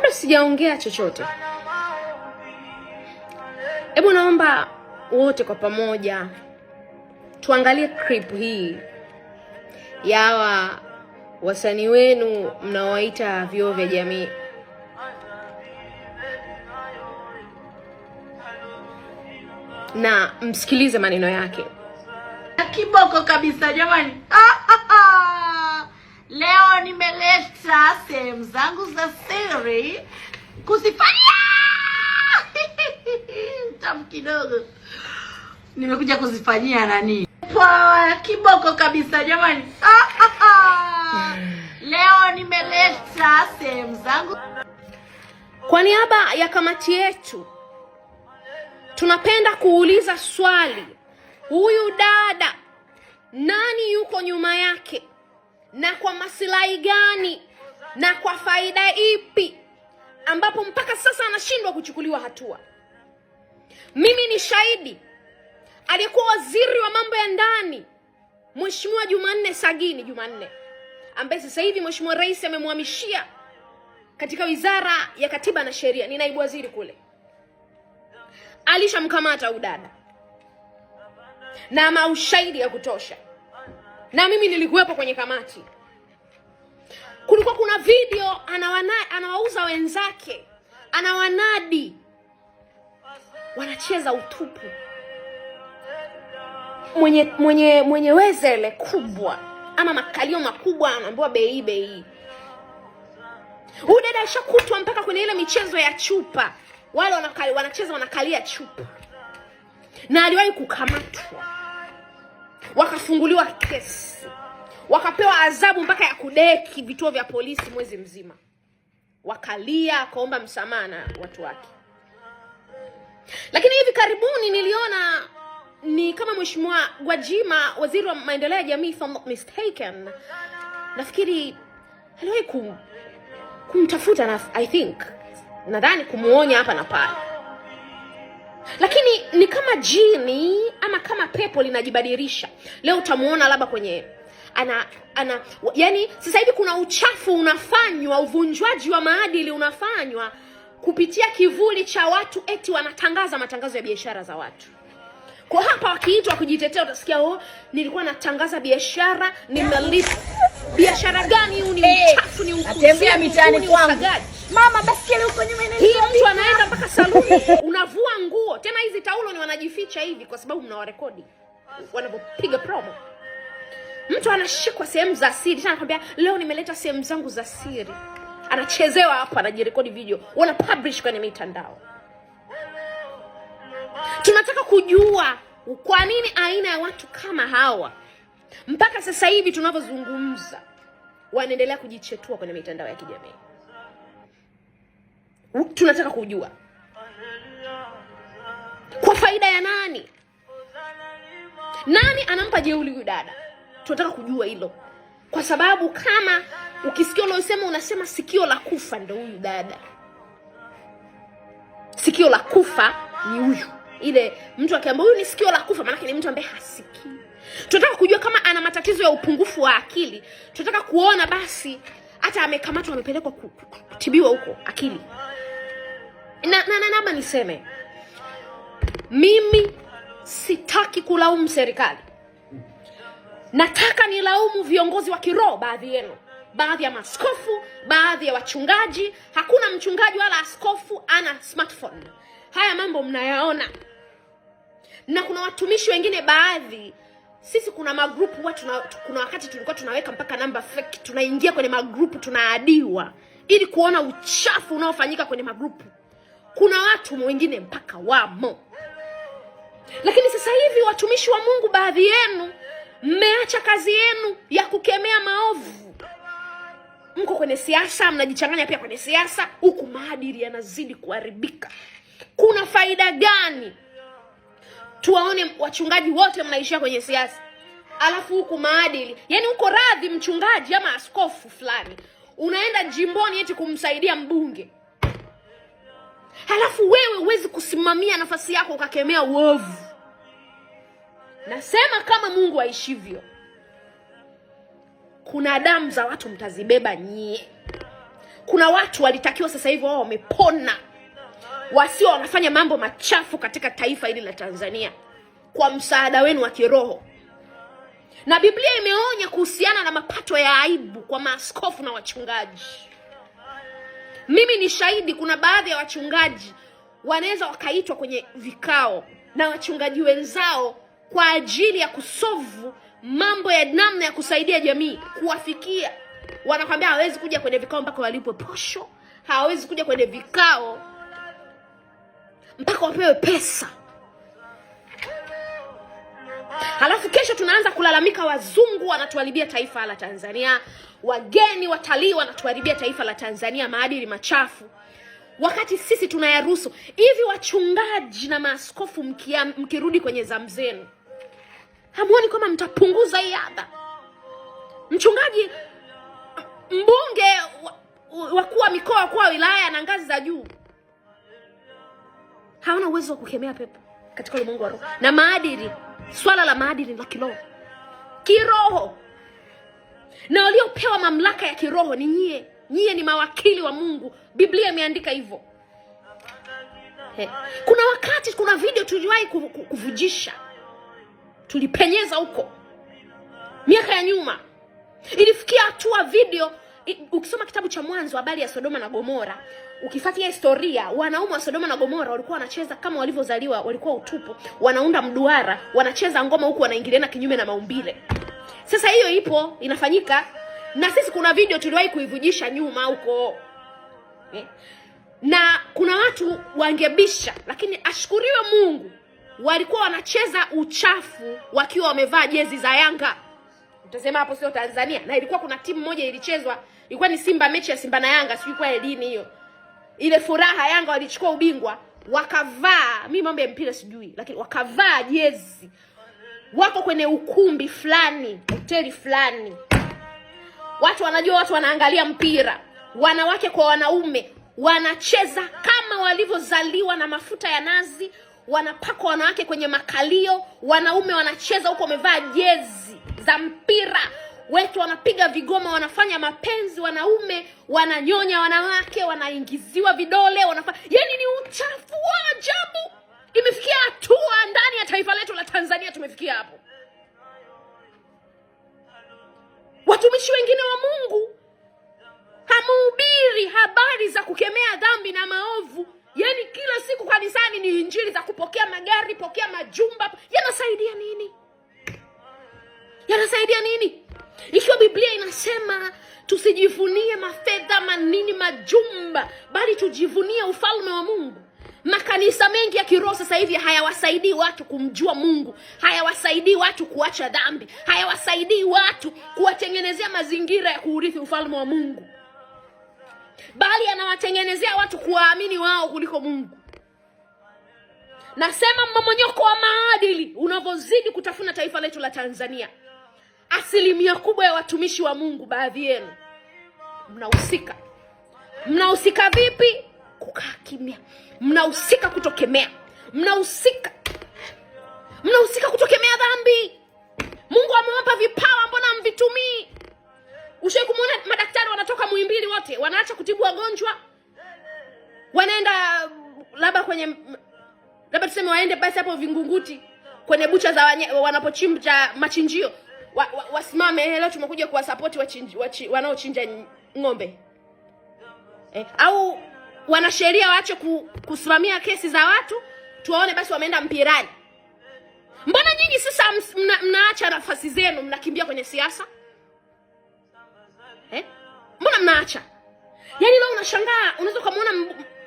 kabla sijaongea chochote, hebu naomba wote kwa pamoja tuangalie clip hii ya hawa wasanii wenu mnaowaita vyoo vya jamii. na msikilize maneno yake kiboko kabisa jamani. Ah, ah. Andrei kuzifanya tamu kidogo, nimekuja kuzifanyia nani poa kiboko kabisa jamani. Ah, ah, ah. Leo nimeleta sehemu zangu kwa niaba ya kamati yetu, tunapenda kuuliza swali, huyu dada nani yuko nyuma yake na kwa masilahi gani na kwa faida ipi? ambapo mpaka sasa anashindwa kuchukuliwa hatua. Mimi ni shahidi, aliyekuwa waziri wa mambo ya ndani Mheshimiwa Jumanne Sagini Jumanne, ambaye sasa hivi Mheshimiwa Rais amemhamishia katika Wizara ya Katiba na Sheria, ni naibu waziri kule, alishamkamata udada na maushahidi ya kutosha, na mimi nilikuwepo kwenye kamati. Kulikuwa kuna video anawana, anawauza wenzake, anawanadi, wanacheza utupu. Mwenye mwenye mwenye wezele kubwa ama makalio makubwa anaambiwa bei bei. Huyu dada ashakutwa mpaka kwenye ile michezo ya chupa, wale wanakali, wanacheza wanakalia chupa, na aliwahi kukamatwa wakafunguliwa kesi wakapewa adhabu mpaka ya kudeki vituo vya polisi mwezi mzima, wakalia akaomba msamaha na watu wake. Lakini hivi karibuni niliona ni kama Mheshimiwa Gwajima, waziri wa maendeleo ya jamii, if I'm not mistaken, nafikiri aliwahi kum, kumtafuta na I think nadhani kumuonya hapa na pale, lakini ni kama jini ama kama pepo linajibadilisha. Leo utamuona labda kwenye ana, ana yani sasa hivi kuna uchafu unafanywa, uvunjwaji wa maadili unafanywa kupitia kivuli cha watu, eti wanatangaza matangazo ya biashara za watu. Kwa hapa wakiitwa kujitetea, utasikia oh, nilikuwa natangaza biashara nimelipa. Biashara gani? Huu ni uchafu, ni ukuzia mitaani kwangu. Mama basi huko nyuma hii mtu anaenda mpaka saluni, unavua nguo tena. Hizi taulo ni wanajificha hivi, kwa sababu mnawarekodi wanavyopiga promo. Mtu anashikwa sehemu za siri, anakuambia leo nimeleta sehemu zangu za siri, anachezewa hapo, anajirekodi video, wana publish kwenye mitandao. Tunataka kujua kwa nini aina ya watu kama hawa mpaka sasa hivi tunavyozungumza wanaendelea kujichetua kwenye mitandao ya kijamii. Tunataka kujua kwa faida ya nani? Nani anampa jeuli huyu dada? tunataka kujua hilo, kwa sababu kama ukisikia unaosema unasema sikio la kufa ndo huyu dada, sikio la kufa ni huyu. Ile mtu akiambia huyu ni sikio la kufa, maanake ni mtu ambaye hasikii. Tunataka kujua kama ana matatizo ya upungufu wa akili, tunataka kuona basi hata amekamatwa amepelekwa kutibiwa huko akili na naba Niseme mimi sitaki kulaumu serikali Nataka nilaumu viongozi wa kiroho, baadhi yenu, baadhi ya maskofu, baadhi ya wachungaji. Hakuna mchungaji wala askofu ana smartphone. Haya mambo mnayaona, na kuna watumishi wengine baadhi sisi kuna magrupu watu na, kuna wakati tulikuwa tunaweka mpaka namba fake, tunaingia kwenye magrupu tunaadiwa, ili kuona uchafu unaofanyika kwenye magrupu. Kuna watu wengine mpaka wamo, lakini sasa hivi watumishi wa Mungu baadhi yenu Mmeacha kazi yenu ya kukemea maovu, mko kwenye siasa, mnajichanganya pia kwenye siasa, huku maadili yanazidi kuharibika. Kuna faida gani? Tuwaone wachungaji wote mnaishia kwenye siasa, alafu huku maadili, yani uko radhi mchungaji ama askofu fulani unaenda jimboni eti kumsaidia mbunge, halafu wewe huwezi kusimamia nafasi yako ukakemea uovu. Nasema kama Mungu aishivyo, kuna damu za watu mtazibeba nyie. Kuna watu walitakiwa sasa hivi wao wamepona, wasio wanafanya mambo machafu katika taifa hili la Tanzania kwa msaada wenu wa kiroho. Na Biblia imeonya kuhusiana na mapato ya aibu kwa maaskofu na wachungaji. Mimi ni shahidi, kuna baadhi ya wachungaji wanaweza wakaitwa kwenye vikao na wachungaji wenzao kwa ajili ya kusovu mambo ya namna ya kusaidia jamii kuwafikia. Wanakwambia hawawezi kuja kwenye vikao mpaka walipwe posho, hawawezi kuja kwenye vikao mpaka wapewe pesa. Halafu kesho tunaanza kulalamika, wazungu wanatuharibia taifa la Tanzania, wageni watalii wanatuharibia taifa la Tanzania, maadili machafu, wakati sisi tunayaruhusu hivi. Wachungaji na maaskofu mkirudi kwenye zamu zenu Hamuoni kwamba mtapunguza hii adha? Mchungaji, mbunge, wakuu wa mikoa, wakuu wa wilaya na ngazi za juu hawana uwezo wa kukemea pepo katika ulimwengu wa roho na maadili. Swala la maadili la kiroho kiroho, na waliopewa mamlaka ya kiroho ni nyie. Nyie ni mawakili wa Mungu, Biblia imeandika hivyo. Kuna wakati, kuna video tuliwahi kuvujisha tulipenyeza huko miaka ya nyuma. Ilifikia hatua video, ukisoma kitabu cha Mwanzo habari ya Sodoma na Gomora, ukifuatia historia, wanaume wa Sodoma na Gomora walikuwa wanacheza kama walivyozaliwa, walikuwa utupu, wanaunda mduara, wanacheza ngoma huku wanaingiliana kinyume na maumbile. Sasa hiyo ipo inafanyika, na sisi kuna video tuliwahi kuivujisha nyuma huko eh? na kuna watu wangebisha, lakini ashukuriwe Mungu walikuwa wanacheza uchafu wakiwa wamevaa jezi za Yanga. Utasema hapo sio Tanzania? Na ilikuwa kuna timu moja ilichezwa, ilikuwa ni Simba, mechi ya Simba na Yanga, sijui kwa lini hiyo. Ile furaha Yanga walichukua ubingwa, wakavaa, mimi mambo ya mpira sijui, lakini wakavaa jezi, wako kwenye ukumbi fulani, hoteli fulani, watu wanajua, watu wanaangalia mpira, wanawake kwa wanaume, wanacheza kama walivyozaliwa na mafuta ya nazi wanapaka wanawake kwenye makalio, wanaume wanacheza huko wamevaa jezi za mpira wetu, wanapiga vigoma, wanafanya mapenzi, wanaume wananyonya wanawake, wanaingiziwa vidole, wanafa... yani, ni uchafu wa ajabu. Imefikia hatua ndani ya taifa letu la Tanzania, tumefikia hapo. Watumishi wengine wa Mungu hamuhubiri habari za kukemea dhambi na maovu kanisani ni injili za kupokea magari, pokea majumba. Yanasaidia nini? Yanasaidia nini ikiwa Biblia inasema tusijivunie mafedha manini, majumba, bali tujivunie ufalme wa Mungu? Makanisa mengi ya kiroho sasa hivi hayawasaidii watu kumjua Mungu, hayawasaidii watu kuacha dhambi, hayawasaidii watu kuwatengenezea mazingira ya kuurithi ufalme wa Mungu, bali anawatengenezea watu kuwaamini wao kuliko Mungu. Nasema mmomonyoko wa maadili unavyozidi kutafuna taifa letu la Tanzania, asilimia kubwa ya watumishi wa Mungu, baadhi yenu mnahusika. Mnahusika vipi? Kukaa kimya. Mnahusika kutokemea, mnahusika, mnahusika kutokemea dhambi. Mungu amewapa vipawa, mbona mvitumii? Ushai kumwona madaktari wanatoka Muhimbili wote wanaacha kutibu wagonjwa, wanaenda uh, labda kwenye labda tuseme waende basi hapo Vingunguti kwenye bucha za wanapochinja machinjio wa, wa, wasimame leo tumekuja kuwasapoti wanaochinja ng'ombe eh, au wanasheria waache kusimamia kesi za watu tuwaone basi wameenda mpirani. Mbona nyinyi sasa mna, mnaacha nafasi zenu mnakimbia kwenye siasa eh? Mbona mnaacha? Yaani leo unashangaa unaweza ukamwona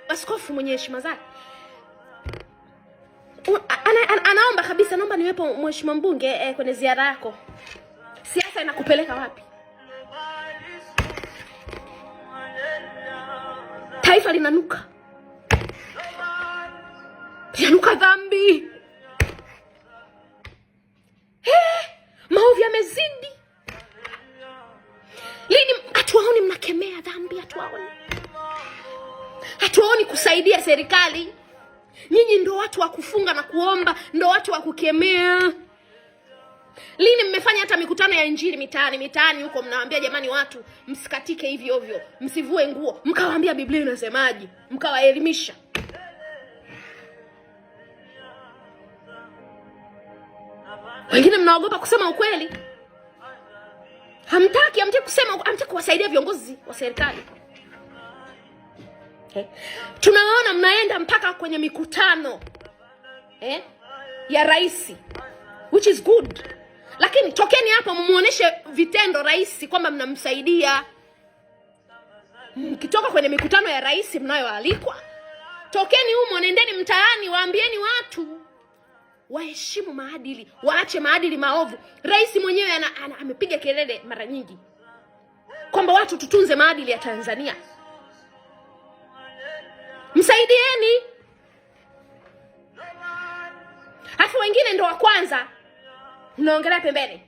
askofu mwenye heshima zake ana, ana, anaomba kabisa, naomba niwepo mheshimiwa mbunge eh, kwenye ziara yako. Siasa inakupeleka wapi? Taifa linanuka, linanuka dhambi, maovu yamezidi. Lini hatuwaoni mnakemea dhambi? Hatuwaoni, hatuwaoni kusaidia serikali Nyinyi ndo watu wa kufunga na kuomba, ndo watu wa kukemea. Lini mmefanya hata mikutano ya injili mitaani mitaani huko, mnawaambia jamani, watu msikatike hivi ovyo, msivue nguo, mkawaambia Biblia inasemaje, mkawaelimisha. Wengine mnaogopa kusema ukweli, hamtaki hamtaki kusema, hamtaki kuwasaidia viongozi wa serikali tunaona Tunawaona mnaenda mpaka kwenye mikutano eh? ya rais which is good, lakini tokeni hapo mmuoneshe vitendo rais kwamba mnamsaidia. Mkitoka kwenye mikutano ya rais mnayoalikwa, tokeni humo, nendeni mtaani, waambieni watu waheshimu maadili, waache maadili maovu. Rais mwenyewe amepiga kelele mara nyingi kwamba watu tutunze maadili ya Tanzania msaidieni. Afu wengine ndo wa kwanza mnaongelea pembeni,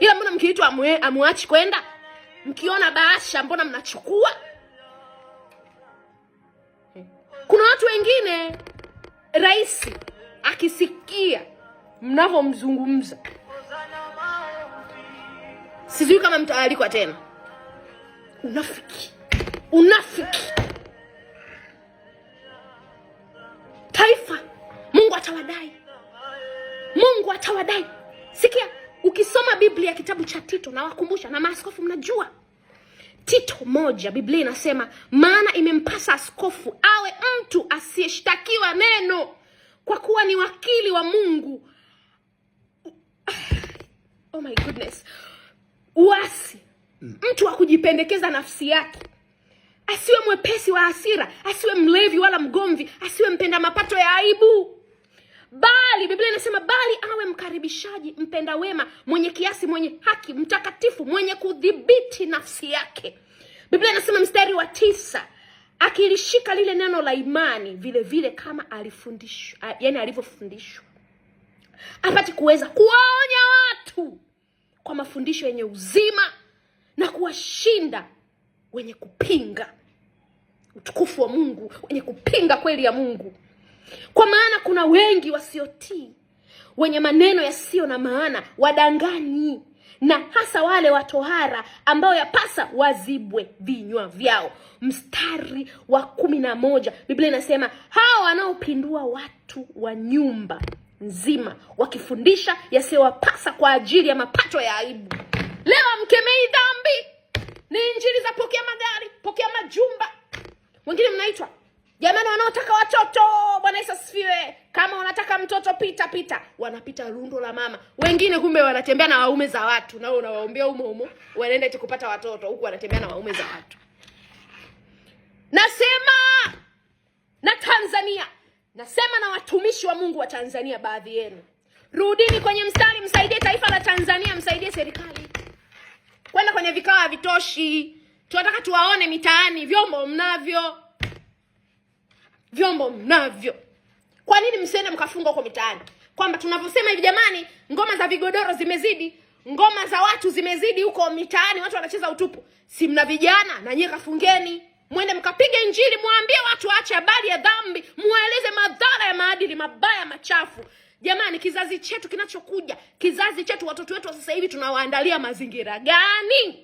ila mbona mkiitwa amuachi kwenda, mkiona bahasha mbona mnachukua? Kuna watu wengine rais akisikia mnavyomzungumza, sijui kama mtaalikwa tena. Unafiki, unafiki. Taifa Mungu atawadai, Mungu atawadai. Sikia, ukisoma Biblia kitabu cha Tito, nawakumbusha na maaskofu, mnajua Tito moja, Biblia inasema maana imempasa askofu awe mtu asiyeshtakiwa neno, kwa kuwa ni wakili wa Mungu. Oh my goodness, uasi Mm. Mtu wa kujipendekeza nafsi yake, asiwe mwepesi wa hasira, asiwe mlevi wala mgomvi, asiwe mpenda mapato ya aibu, bali Biblia inasema bali awe mkaribishaji, mpenda wema, mwenye kiasi, mwenye haki, mtakatifu, mwenye kudhibiti nafsi yake. Biblia inasema mstari wa tisa, akilishika lile neno la imani vile vile kama alifundishwa, yani alivyofundishwa, apate kuweza kuwaonya watu kwa mafundisho yenye uzima na kuwashinda wenye kupinga utukufu wa Mungu, wenye kupinga kweli ya Mungu. Kwa maana kuna wengi wasiotii, wenye maneno yasiyo na maana, wadanganyi na hasa wale watohara ambao yapasa wazibwe vinywa vyao. Mstari wa kumi na moja Biblia inasema hao wanaopindua watu wa nyumba nzima wakifundisha yasiyowapasa kwa ajili ya mapato ya aibu. Leo amkemei ni injili za pokea magari, pokea majumba, wengine mnaitwa jamani, wanaotaka watoto. Bwana Yesu asifiwe! Kama unataka mtoto pita pita, wanapita rundo la mama. Wengine kumbe wanatembea na waume za watu, nao unawaombea umo umo, wanaenda eti kupata watoto, huku wanatembea na waume za watu. Nasema na Tanzania, nasema na watumishi wa Mungu wa Tanzania, baadhi yenu rudini kwenye mstari, msaidie taifa la Tanzania, msaidie serikali kwenda kwenye vikao havitoshi. Tunataka tuwaone mitaani. Vyombo mnavyo, vyombo mnavyo. Kwa nini msiende mkafunga huko mitaani? Kwamba tunavyosema hivi, jamani, ngoma za vigodoro zimezidi, ngoma za watu zimezidi huko mitaani, watu wanacheza utupu. Si mna vijana na nyie, kafungeni mwende mkapige Injili, mwambie watu waache habari ya dhambi, mweleze madhara ya maadili mabaya machafu. Jamani, kizazi chetu kinachokuja, kizazi chetu, watoto wetu wa sasa hivi tunawaandalia mazingira gani?